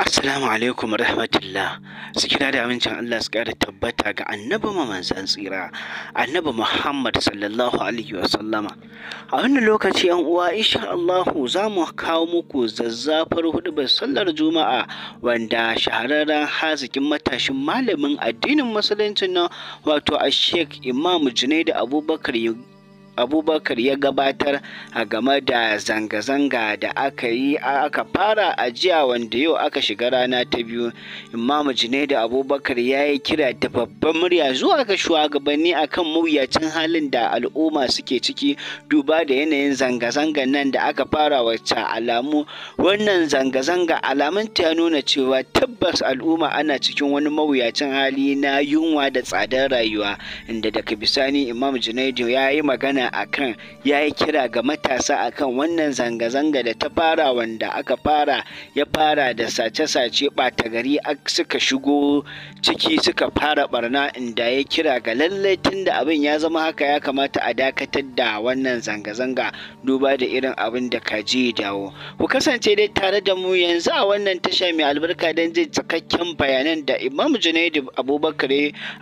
Assalamu alaikum rahmatullah su kira da amincin Allah su kara tabbata ga annabi manzan tsira annabi Muhammad sallallahu alaihi wa sallama a wannan lokaci an uwa insha Allah za mu kawo muku zazzafar hudubar sallar juma'a wanda shahararren hazikin matashin malamin addinin musulunci na wato a Sheikh Imam Junaid Abubakar abubakar ya gabatar a game da zanga-zanga da aka yi aka fara a jiya wanda yau aka shiga rana ta biyu imamu junaidu abubakar ya yi kira da babban murya zuwa ga shugabanni akan mawuyacin halin da al'umma suke ciki duba da yanayin zanga-zangan nan da aka fara wacce alamu wannan zanga-zanga alamun ta nuna cewa tabbas al'umma ana cikin wani mawuyacin hali na yunwa da tsadar rayuwa inda daga bisani imam junaidu ya yi magana akan ya yi kira ga matasa akan wannan zanga-zanga da ta fara wanda aka fara ya fara da sace-sace ɓata gari suka shigo ciki suka fara barna inda ya kira ga lallai tunda abin ya zama haka ya kamata a dakatar da wannan zanga-zanga duba da irin abin da ka ji dawo ku kasance dai tare da mu yanzu a wannan tasha mai albarka don jin cikakken bayanan da imam junaidu abubakar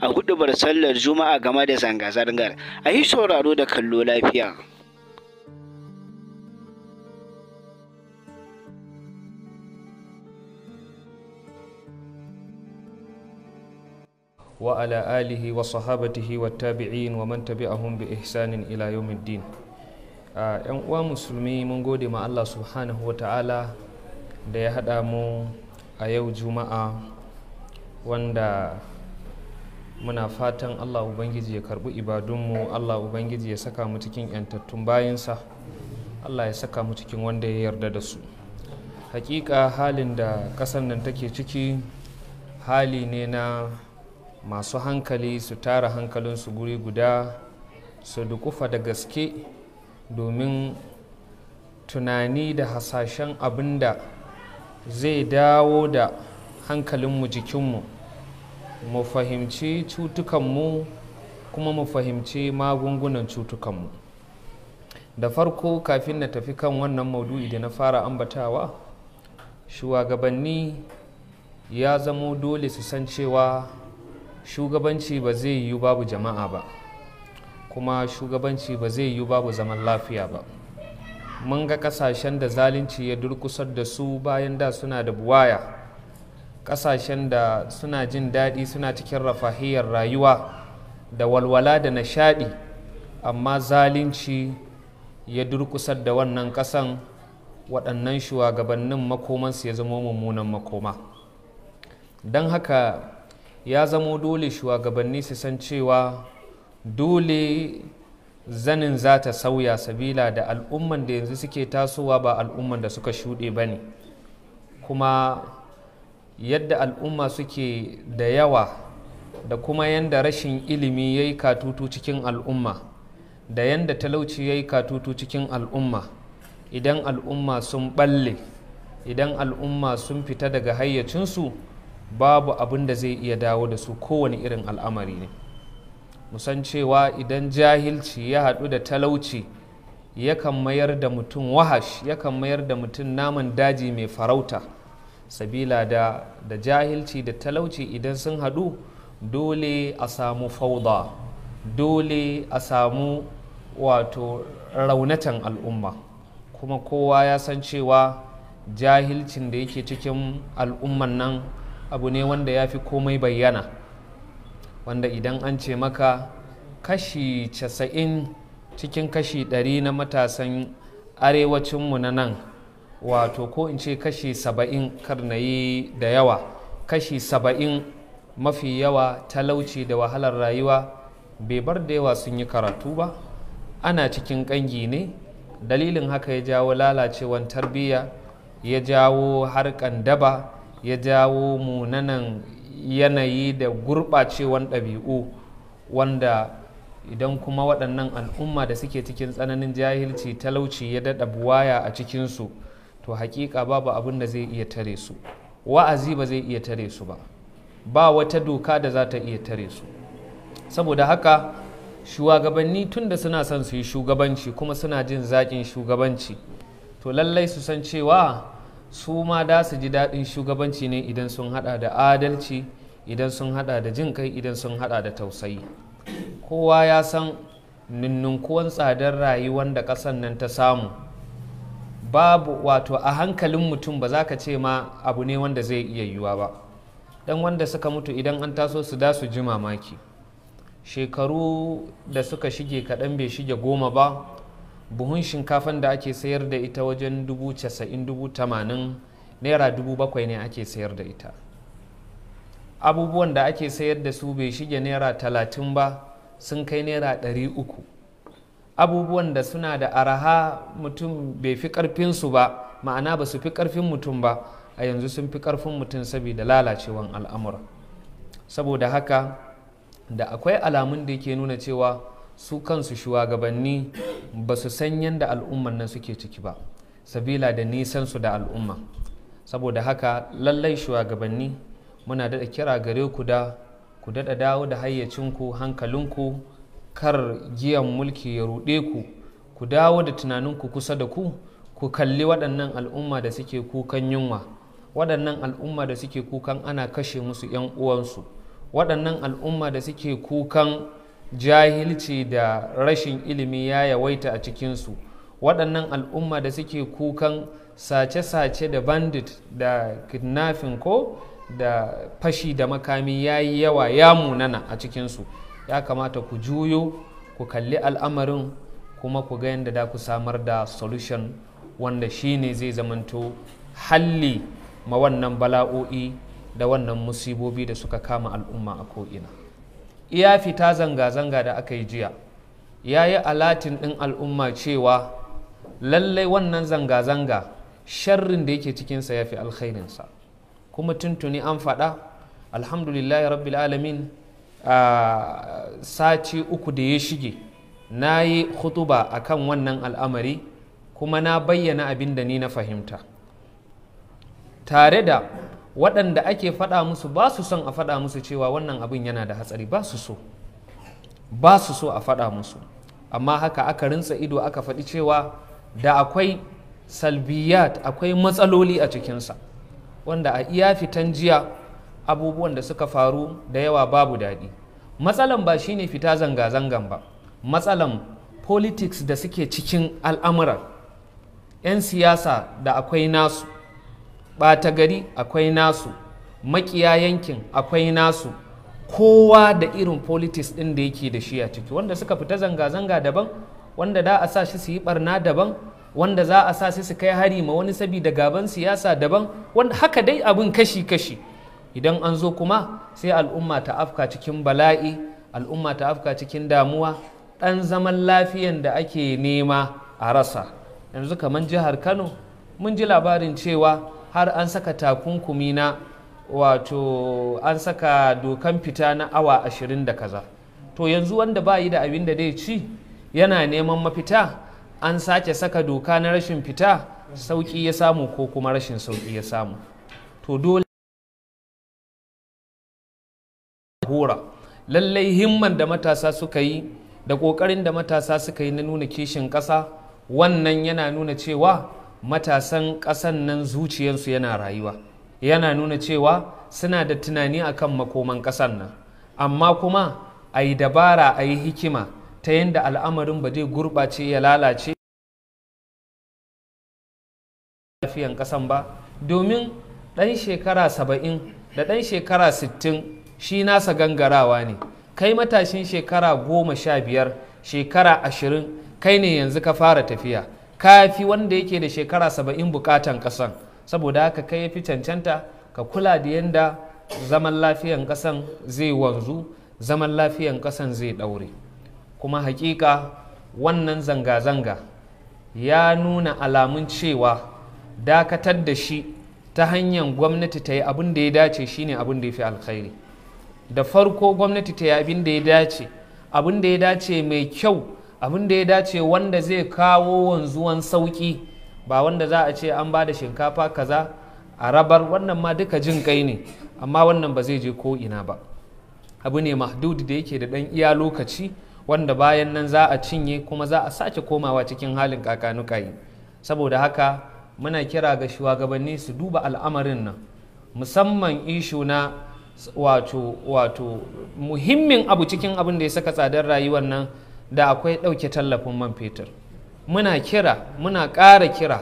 a hudubar sallar juma'a game da zanga-zangar a yi sauraro da kallo lafiya وعلى آله وصحابته والتابعين ومن تبعهم بإحسان إلى يوم الدين ‘yan uwa musulmi mun gode ma Allah subhanahu wa ta'ala da ya haɗa mu a yau juma'a wanda muna fatan Allah Ubangiji ya karbi ibadunmu Allah Ubangiji ya saka mu cikin ‘yantattun bayansa Allah ya saka mu cikin wanda ya yarda da su hakika halin da ƙasar nan take ciki hali ne na masu hankali su tara hankalinsu guri guda su dukufa da gaske domin tunani da hasashen abin da zai dawo da hankalinmu jikinmu mu fahimci cutukanmu kuma mu fahimci magungunan cutukanmu da farko kafin na tafi kan wannan maudu'i da na fara ambatawa shugabanni ya zamo dole su san cewa shugabanci ba zai yiwu babu jama'a ba kuma shugabanci ba zai yiwu babu zaman lafiya ba mun ga kasashen da zalunci ya durkusar da su bayan da suna da buwaya kasashen da suna jin daɗi suna cikin rafahiyar rayuwa da walwala da nishaɗi amma zalunci ya durkusar da wannan ƙasan waɗannan shugabannin makomansu ya zama mummunan makoma don haka ya zamo dole shugabanni su san cewa dole zanin za ta sauya sabila da al'umman da yanzu suke tasowa ba al'umman da suka shuɗe ba ne kuma yadda al'umma suke da yawa da kuma yadda rashin ilimi ya yi katutu cikin al'umma da yadda talauci ya yi katutu cikin al'umma idan al'umma sun balle idan al'umma sun fita daga hayyacinsu babu abin da zai iya dawo da su kowane irin al'amari ne musan cewa idan jahilci ya haɗu da talauci yakan mayar da mutum wahash yakan mayar da mutum naman daji mai farauta sabila da, da jahilci da talauci idan sun haɗu dole a samu fauda dole a samu wato raunatan al'umma kuma kowa ya san cewa jahilcin da yake cikin al'umman nan abu ne wanda ya fi komai bayyana wanda idan an ce maka kashi casa'in cikin kashi ɗari na matasan arewacinmu na nan wato ko in ce kashi saba'in karnayi da yawa kashi saba'in mafi yawa talauci da wahalar rayuwa bai bar da yawa sun yi karatu ba ana cikin ƙangi ne dalilin haka ya jawo lalacewan tarbiyya ya jawo harkan daba ya jawo munanan yanayi da gurɓacewan ɗabi'u wanda idan kuma waɗannan al'umma da suke cikin tsananin jahilci talauci ya daɗa buwaya a cikinsu to hakika babu abin da zai iya tare su wa'azi ba zai iya tare su ba ba wata doka da za ta iya tare su saboda haka shugabanni tun da suna son su yi shugabanci kuma suna jin zaƙin shugabanci to lallai su san cewa su ma da su ji daɗin shugabanci ne idan sun haɗa da adalci idan sun haɗa da jin kai idan sun haɗa da tausayi kowa ya san ninnunkuwan tsadar rayuwar da ƙasar nan ta samu babu wato a hankalin mutum ba za ka ce ma abu ne wanda zai iya yiwuwa ba dan wanda suka mutu idan an taso su da su ji mamaki shekaru da suka shige kaɗan bai shige goma ba buhun shinkafan da ake sayar da ita wajen dubu casa'in dubu tamanin naira dubu bakwai ne ake sayar da ita abubuwan da ake sayar da su bai shige naira talatin ba sun kai naira ɗari uku abubuwan da suna da araha mutum bai fi ƙarfinsu ba ma'ana ba su fi ƙarfin mutum ba a yanzu sun fi ƙarfin mutum saboda lalacewan al'amura saboda haka da akwai alamun da ke nuna cewa su kansu shugabanni ba su san yadda al'umman nan suke ciki ba sabila da nisan su da al'umma saboda haka lallai shugabanni muna daɗa kira gare ku da ku daɗa dawo da hayyacinku hankalinku kar giyan mulki ya ruɗe ku ku dawo da tunaninku kusa da ku ku kalli waɗannan al'umma da suke kukan yunwa waɗannan al'umma da suke kukan ana kashe musu 'yan uwansu waɗannan al'umma da suke kukan jahilci da rashin ilimi ya yawaita a cikinsu waɗannan al'umma da suke kukan sace-sace da bandit da kidnafin ko da fashi da makami ya yi yawa ya munana a cikinsu ya kamata ku juyo ku kalli al'amarin kuma ku ga yadda da ku samar da solution wanda shine zai zamanto halli ma wannan bala'o'i da wannan musibobi da suka kama al'umma a ko'ina ya fita zanga-zanga da aka yi jiya ya yi alatin ɗin al'umma cewa lallai wannan zanga-zanga sharrin da yake cikinsa ya fi alkhairinsa kuma tuntuni an faɗa alhamdulillahi rabbil alamin a sati uku da ya shige na yi hutuba a kan wannan al'amari kuma na bayyana abin da ni na fahimta tare da waɗanda ake faɗa musu ba su son a faɗa musu cewa wannan abin yana da hatsari ba su so ba su so a faɗa musu amma haka aka rinsa ido aka faɗi cewa da akwai salbiyat akwai matsaloli a cikinsa wanda a iya fitan jiya abubuwan da suka faru da yawa babu daɗi matsalan ba shine fita zanga-zangan ba matsalan politics da suke cikin al'amuran 'yan siyasa da akwai nasu ɓata gari akwai nasu makiya yankin akwai nasu kowa da irin politics ɗin da yake da shi a ciki wanda suka fita zanga-zanga daban wanda za a sa shi su yi barna daban wanda za a sa shi su kai hari ma wani sabida gaban siyasa daban wanda haka dai abin kashi-kashi idan an zo kuma sai al'umma ta afka cikin bala'i al'umma ta afka cikin damuwa ɗan zaman lafiyan da ake nema a rasa yanzu kamar jihar kano mun ji labarin cewa har an saka takunkumi na wato an saka dokan fita na awa ashirin da kaza to yanzu wanda ba yi da abin da zai ci yana neman mafita an sake saka doka na rashin fita sauƙi ya samu ko kuma rashin sauƙi ya samu to dole hura lallai himman da matasa suka yi da ƙoƙarin da matasa suka yi na nuna kishin ƙasa wannan yana nuna cewa matasan ƙasan nan zuciyarsu yana rayuwa yana nuna cewa suna da tunani a kan makoman ƙasan nan amma kuma a yi dabara a yi hikima ta yadda al'amarin ba zai gurɓace ya lalace lafiyan ƙasan ba domin ɗan shekara saba'in da ɗan shekara sittin shi nasa gangarawa ne kai matashin shekara goma sha biyar shekara ashirin kai ne yanzu ka fara tafiya kafi wanda yake da shekara saba'in bukatan kasan saboda haka kai fi cancanta ka kula da yadda zaman lafiyan kasan zai wanzu zaman lafiyan kasan zai daure kuma hakika wannan zanga-zanga ya nuna alamun cewa dakatar da shi ta hanyar gwamnati ta yi abin da ya dace shine abin da ya fi alkhairi da farko gwamnati ta yi abin da ya dace abin da ya dace mai kyau abin da ya dace wanda zai kawo wanzuwan sauki ba wanda za a ce an ba da shinkafa kaza a rabar wannan ma duka jin kai ne amma wannan ba zai je ko ina ba abu ne mahdud da yake da ɗan iya lokaci wanda bayan nan za a cinye kuma za a sake komawa cikin halin kakanukayi saboda haka muna kira ga shugabanni su duba al'amarin nan musamman ishu na wato wato muhimmin abu cikin abin da ya saka tsadar rayuwar nan da akwai ɗauke tallafin man fetur muna kira muna ƙara kira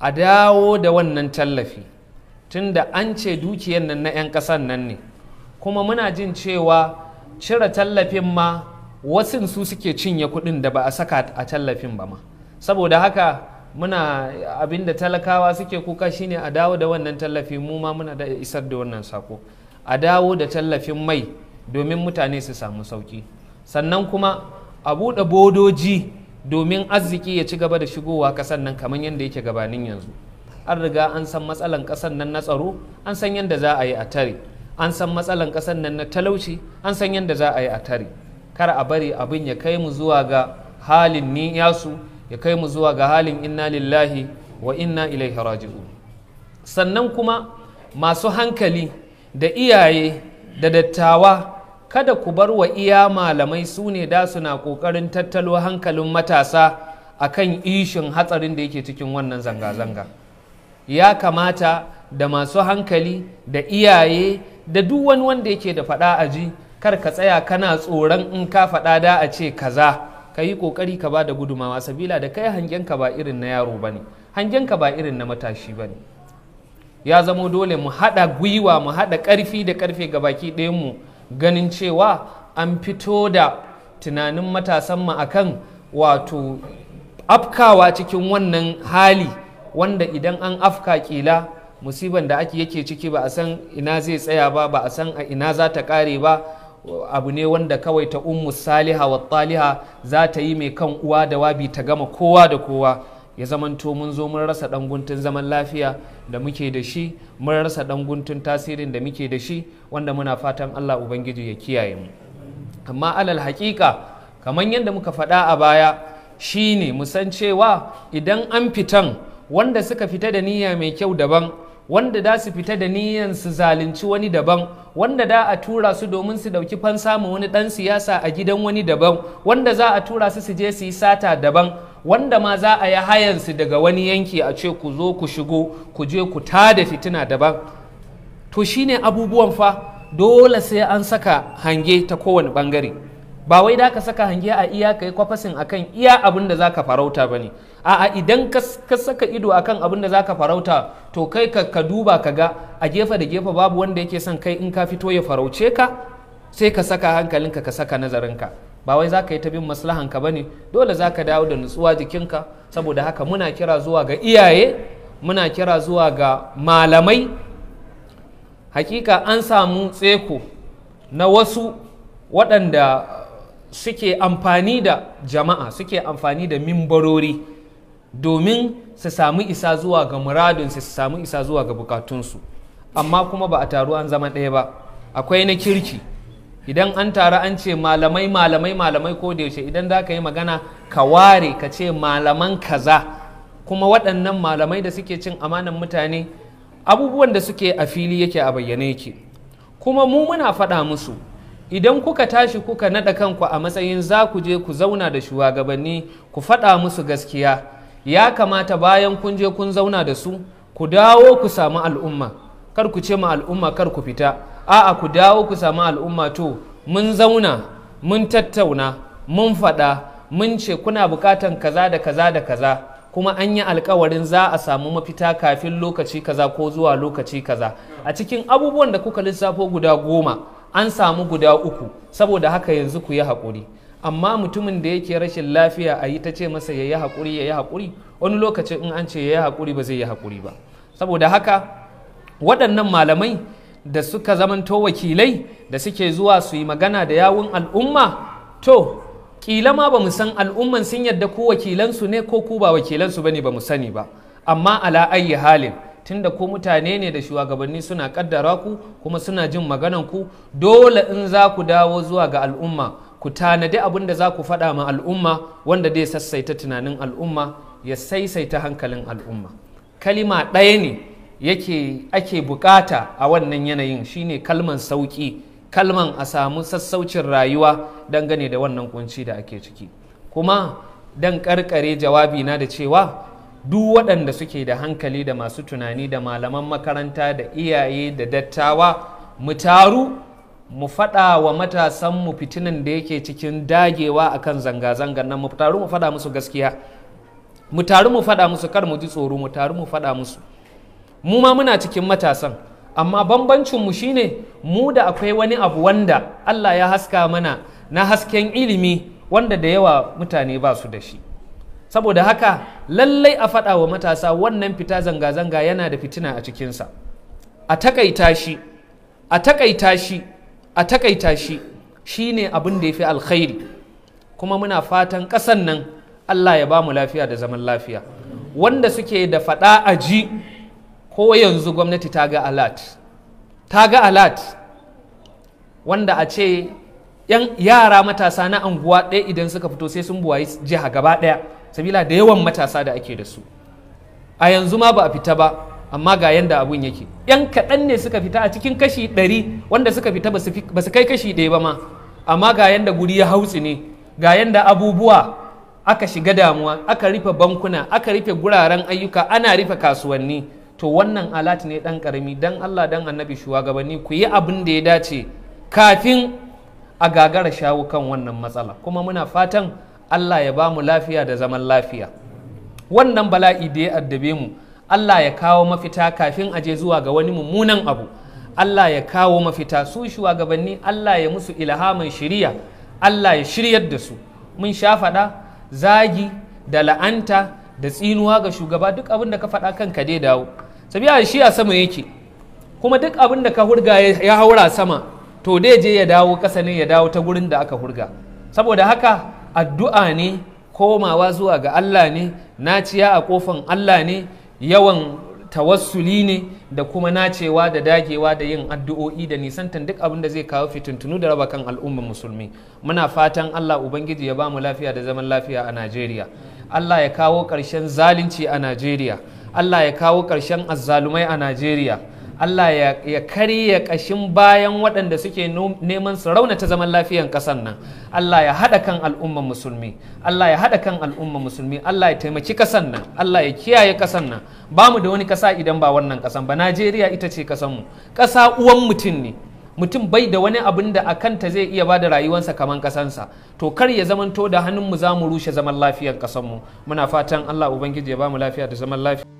a dawo da wannan tallafi tunda an ce dukiyar nan na 'yan ƙasar nan ne kuma muna jin cewa cire tallafin ma wasu su suke cinye kuɗin da ba a saka a tallafin ba ma saboda haka muna abinda talakawa suke kuka shine a dawo da wannan tallafi mu ma muna da isar da wannan sako a dawo da tallafin mai domin mutane su samu sauki sannan kuma a buɗe bodoji domin arziki ya ci gaba da shigowa ƙasar nan kamar yadda yake gabanin yanzu an riga an san matsalan ƙasar nan na tsaro an san yadda za a yi a tare an san matsalan ƙasar nan na talauci an san yadda za a yi a tare kar a bari abin ya kai mu zuwa ga halin ni yasu ya kai mu zuwa ga halin inna lillahi wa inna ilaihi raji'un sannan kuma masu hankali da iyaye da dattawa kada ku bar wa iya malamai su ne da suna ƙoƙarin tattalo hankalin matasa a kan ishin hatsarin da yake cikin wannan zanga-zanga ya kamata da masu hankali da iyaye da duk wani wanda yake da faɗa a ji kar ka tsaya kana tsoron in ka faɗa da a ce kaza ka yi ƙoƙari ka ba da gudumawa sabila da kai hangenka ba irin na yaro ba ne hangenka ba irin na matashi ba ne ya zamo dole mu haɗa gwiwa mu haɗa ƙarfi da ƙarfe ga baki mu. ganin cewa an fito da tunanin matasan mu akan wato afkawa cikin wannan hali wanda idan an afka kila musiban da ake yake ciki ba a san ina zai tsaya ba ba a san a ina za ta kare ba abu ne wanda kawai ta ummu saliha wa taliha za ta yi mai kan uwa da wabi ta gama kowa da kowa ya zamanto mun zo mun rasa danguntun zaman lafiya da muke da shi mun rasa danguntun tasirin da muke da shi wanda muna fatan Allah ubangiji ya kiyaye mu amma alal haƙiƙa kamar yadda muka faɗa a baya shine mu san cewa idan an fitan wanda suka fita da niyya mai kyau daban wanda za su fita da niyan su zalunci wani daban wanda da a tura su domin su dauki fansa mu wani dan siyasa a gidan wani daban wanda za a tura su su je su yi sata daban wanda ma za a yi hayan su daga wani yanki a ce ku zo ku shigo ku je ku ta da fitina daban to shine abubuwan fa dole sai an saka hange ta kowane bangare ba wai da ka saka hange a iya kai kwafasin akan iya abin da za ka farauta ba ne a'a idan ka saka ido akan abin da zaka farauta to kai ka duba ka ga a gefe da gefe babu wanda yake son kai in ka fito ya farauce ka sai ka saka hankalinka ka saka nazarinka ba wai zaka yi ta bin maslahanka ne? dole zaka dawo da nutsuwa jikinka saboda haka muna kira zuwa ga iyaye muna kira zuwa ga malamai hakika an samu tseko na wasu waɗanda suke amfani da jama'a suke amfani da mimbarori domin su samu isa zuwa ga muradinsu su samu isa zuwa ga bukatunsu amma kuma ba a taru an zama ɗaya ba akwai na kirki idan an taru an ce malamai malamai malamai ko da yaushe idan za ka yi magana ka ware ka ce malaman kaza kuma waɗannan malamai da suke cin amanan mutane abubuwan da suke a fili yake a bayyane yake kuma mu muna faɗa musu idan kuka tashi kuka naɗa kanku a matsayin za ku je ku zauna da shugabanni ku faɗa musu gaskiya ya kamata bayan kun je kun zauna da su ku dawo ku samu al'umma kar ku ce ma al'umma kar ku fita a'a ku dawo ku samu al'umma to mun zauna mun tattauna mun faɗa mun ce kuna buƙatan kaza da kaza da kaza kuma an yi alkawarin za a samu mafita kafin lokaci kaza ko zuwa lokaci kaza a cikin abubuwan da kuka lissafo guda goma an samu guda uku saboda haka yanzu ku yi haƙuri amma mutumin da yake rashin lafiya a yi ta ce masa ya yi haƙuri ya yi haƙuri wani lokacin in an ce ya yi haƙuri ba zai yi haƙuri ba saboda haka waɗannan malamai da suka zamanto wakilai da suke zuwa su yi magana da yawun al'umma to kila ma ba mu san al'umman sun yadda ko wakilansu ne ko ku ba wakilansu ne ba mu sani ba amma ala ayi halin tunda ko mutane ne da shugabanni suna kaddara ku kuma suna jin maganan ku dole in za ku dawo zuwa ga al'umma ku tanadi abin da za ku faɗa ma al'umma wanda zai sassaita tunanin al'umma ya saisaita hankalin al'umma kalima ɗaya ne yake ake bukata a wannan yanayin shine kalman sauƙi kalman a samu sassaucin rayuwa dangane da wannan kunci da ake ciki kuma dan ƙarƙare jawabi na da cewa duk waɗanda suke da hankali da masu tunani da malaman makaranta da iyaye da dattawa mu taru mu faɗa wa mu fitinan da yake cikin dagewa akan zanga zanga nan mu taru mu faɗa musu gaskiya mu taru mu faɗa musu kar mu ji tsoro mu taru mu faɗa musu mu ma muna cikin matasan amma bambancin mu shine mu da akwai wani abu wanda Allah ya haska mana na hasken ilimi wanda da yawa mutane ba su da shi saboda haka lallai a faɗa wa matasa wannan fita zanga-zanga yana da fitina a cikinsa a takaita shi a takaita shi a takaita shi shine abin da ya fi alkhairi kuma muna fatan ƙasan nan Allah ya ba mu lafiya da zaman lafiya wanda suke da faɗa a ji ko yanzu gwamnati ta ga alat ta ga alat wanda a ce yan yara matasa na anguwa ɗaya idan suka fito sai sun buwayi jiha gaba ɗaya sabila da yawan matasa da ake da su a yanzu ma ba a fita ba amma ga yanda abun yake yan kaɗan ne suka fita a cikin kashi ɗari wanda suka fita ba su kai kashi ɗaya ba ma amma ga yanda guri ya hautsi ne ga yanda abubuwa aka shiga damuwa aka rufe bankuna aka rufe guraren ayyuka ana rufe kasuwanni to wannan alat ne dan karami dan Allah dan annabi shugabanni ku yi abin da ya dace kafin a gagara shawo kan wannan matsala kuma muna fatan Allah ya ba mu lafiya da zaman lafiya wannan bala'i da ya addabe mu Allah ya kawo mafita kafin aje zuwa ga wani mummunan abu Allah ya kawo mafita su shugabanni Allah ya musu ilhamin shiriya Allah ya shiryar da su mun sha faɗa zagi da la'anta da tsinuwa ga shugaba duk abin da ka faɗa kanka dai dawo a shi a sama yake kuma duk abin da ka hurga ya haura sama to dai je ya dawo ƙasa ne ya dawo ta gurin da aka hurga saboda haka addu'a ne komawa zuwa ga Allah ne naciya a kofan Allah ne yawan tawassuli ne da kuma nacewa da dagewa da yin addu'o'i da nisantan duk abin da zai kawo fitintunu da raba kan al'ummar musulmi muna fatan Allah ubangiji ya ba mu lafiya da zaman lafiya a Najeriya Allah ya kawo ƙarshen zalunci a Najeriya Allah ya kawo ƙarshen azzalumai a Najeriya Allah ya karya kashin bayan waɗanda suke neman su raunata zaman lafiyan ƙasar nan Allah ya haɗa kan al'umman musulmi Allah ya haɗa kan al'umman musulmi Allah ya taimaki ƙasar nan Allah ya kiyaye ƙasar nan ba mu da wani ƙasa idan ba wannan ƙasan ba Najeriya ita ce mu. ƙasa uwan mutum ne mutum bai da wani abin da a kanta zai iya ba da kamar kaman kasansa to kar ya zamanto da hannun mu za mu rushe zaman lafiyar mu. muna fatan allah ubangiji ya ba mu lafiya da zaman lafiya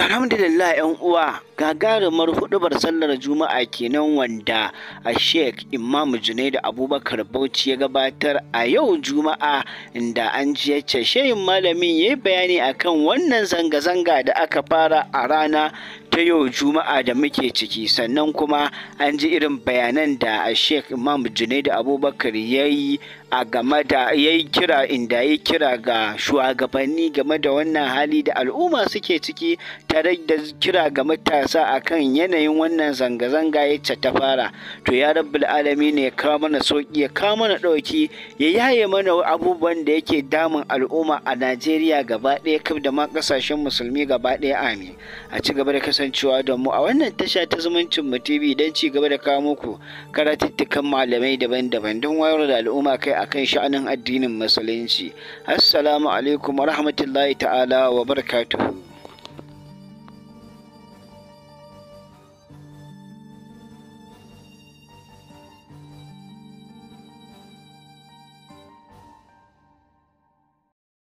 alhamdulillah yan uwa gagarumar hudubar sallar juma'a kenan wanda a sheik imam junaidu abubakar bauchi ya gabatar a yau juma'a inda an ji shehin malamin ya yi bayani akan wannan zanga-zanga da aka fara a rana ta yau juma'a da muke ciki sannan kuma an ji irin bayanan da sheikh imam junaidu abubakar ya yi a game da ya yi kira inda ya kira ga shugabanni game da wannan hali da al'umma suke ciki tare da kira ga matasa a kan yanayin wannan zanga-zanga ya ta fara to ya rabbul alami ne ya kawo mana sauki ya kawo mana ɗauki ya yaye mana abubuwan da yake damun al'umma a najeriya gaba ɗaya kaf da ma ƙasashen musulmi gaba ɗaya amin a ci gaba da kasa kasancewa da mu a wannan tasha ta zumuncin mu TV don ci gaba da kawo muku karatuttukan malamai daban-daban don wayar da al'umma kai akan sha'anin addinin musulunci. Assalamu alaikum wa rahmatullahi ta'ala wa barakatuhu.